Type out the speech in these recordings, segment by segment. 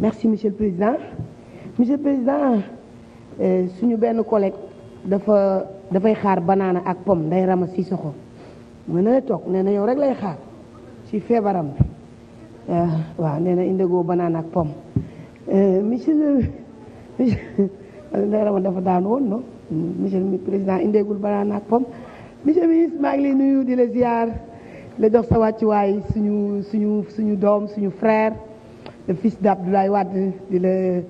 merci monsieur président monsieur président euh, suñu benn collègue dafa dafay xaar banaana ak pom nday rama si soxo mën na toog nee na yow rek lay xaar ci feebaram bi euh, waaw nee na indigoo euh, banaana ak pomme monsieur le nday rama dafa daan woon indeegul banaana ak pomme monsieur ministre maa ngi lay nuyu di la ziar la jox sa wàccuwaay suñu suñu suñu doom suñu frère le fils d' Abdoulaye Wade di la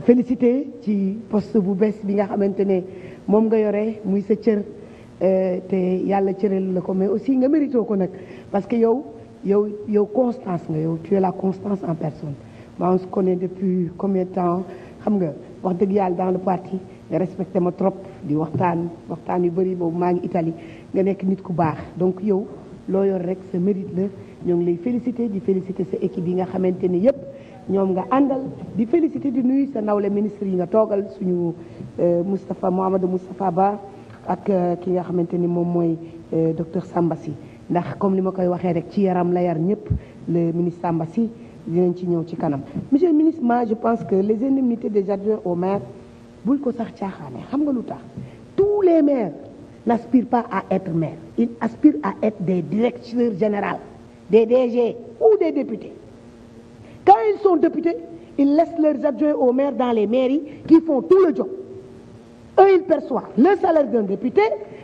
félicité ci poste bu bees bi nga xamante ne moom nga yore muy sa cër euh, te yàlla cëral la ko mais aussi nga mérito ko nag parce que yow yow yow constance nga yow tu la constance en personne moi on se connaît depuis combien de temps xam nga wax dëgg yàlla dans le parti nga respecté ma trop di waxtaan waxtaan yu bëri boobu maa ngi Italie nga nekk nit ku baax donc yow loo yor rek sa mérite la ñoo ngi lay félicité di félicité sa équipe yi nga xamante ni yëpp ñoom nga àndal di félicité di nuyu sa nawle ministre yi nga toogal suñu euh, Moustapha Mouhamadou Moustapha Ba ak euh, ki nga xamante ni moom mooy euh, docteur Samba si ndax comme li ma koy waxee rek ci yaram la yar ñëpp le ministre Samba Sy dinañ ci ñëw ci kanam monsieur le ministre ma je pense que les indemnités des adjoints au maire bul ko sax caaxaane xam nga lu tax tous les maires n'aspirent pas à être maire. Ils aspirent à être des directeurs généraux, des DG ou des députés. Quand ils sont députés, ils laissent leurs adjoints aux maires dans les mairies qui font tout le job. Eux, ils perçoivent le salaire d'un député,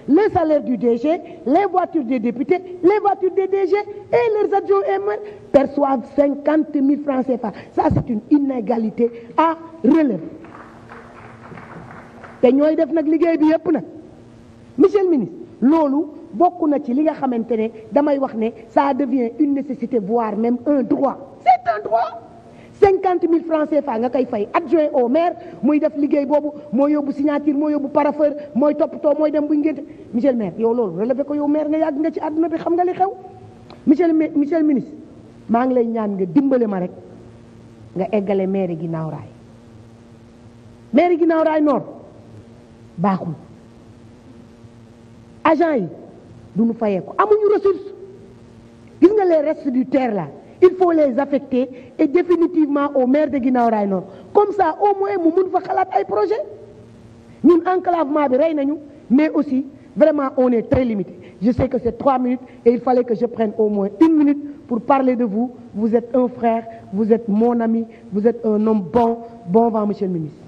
le salaire du DG, les voitures des députés, les voitures des DG et leurs adjoints et maires perçoivent 50 000 francs CFA. Ça, c'est une inégalité à relever. te ñooy def nag liggéey bi yëpp nag monsieur le ministre loolu bokk na ci li nga xamante ne damay wax ne ça devient une nécessité voire même un droit c'est un droit cinquante mille francs CFA nga koy fay adjoint au maire muy def liggéey boobu moo yóbbu signature moo yóbbu parapheur mooy toppatoo mooy dem buñ ngénte monsieur le maire yow loolu relevé ko yow maire nga yàgg nga ci àdduna bi xam nga li xew monsieur le monsieur le ministre maa ngi lay ñaan nga dimbale ma rek nga eggale maire ginnaaw raay maire ginnaaw raay noor baaxul agent yi du ñu fayee ko amuñu ressource gis nga les restes du terre là il faut les affecter et définitivement au maire de Guinaw Rail Nord comme ça au moins mu mun fa xalaat ay projet ñun enclavement bi rey nañu mais aussi vraiment on est très limité je sais que c'est trois minutes et il fallait que je prenne au moins une minute pour parler de vous vous êtes un frère vous êtes mon ami vous êtes un homme bon bon vent monsieur ministre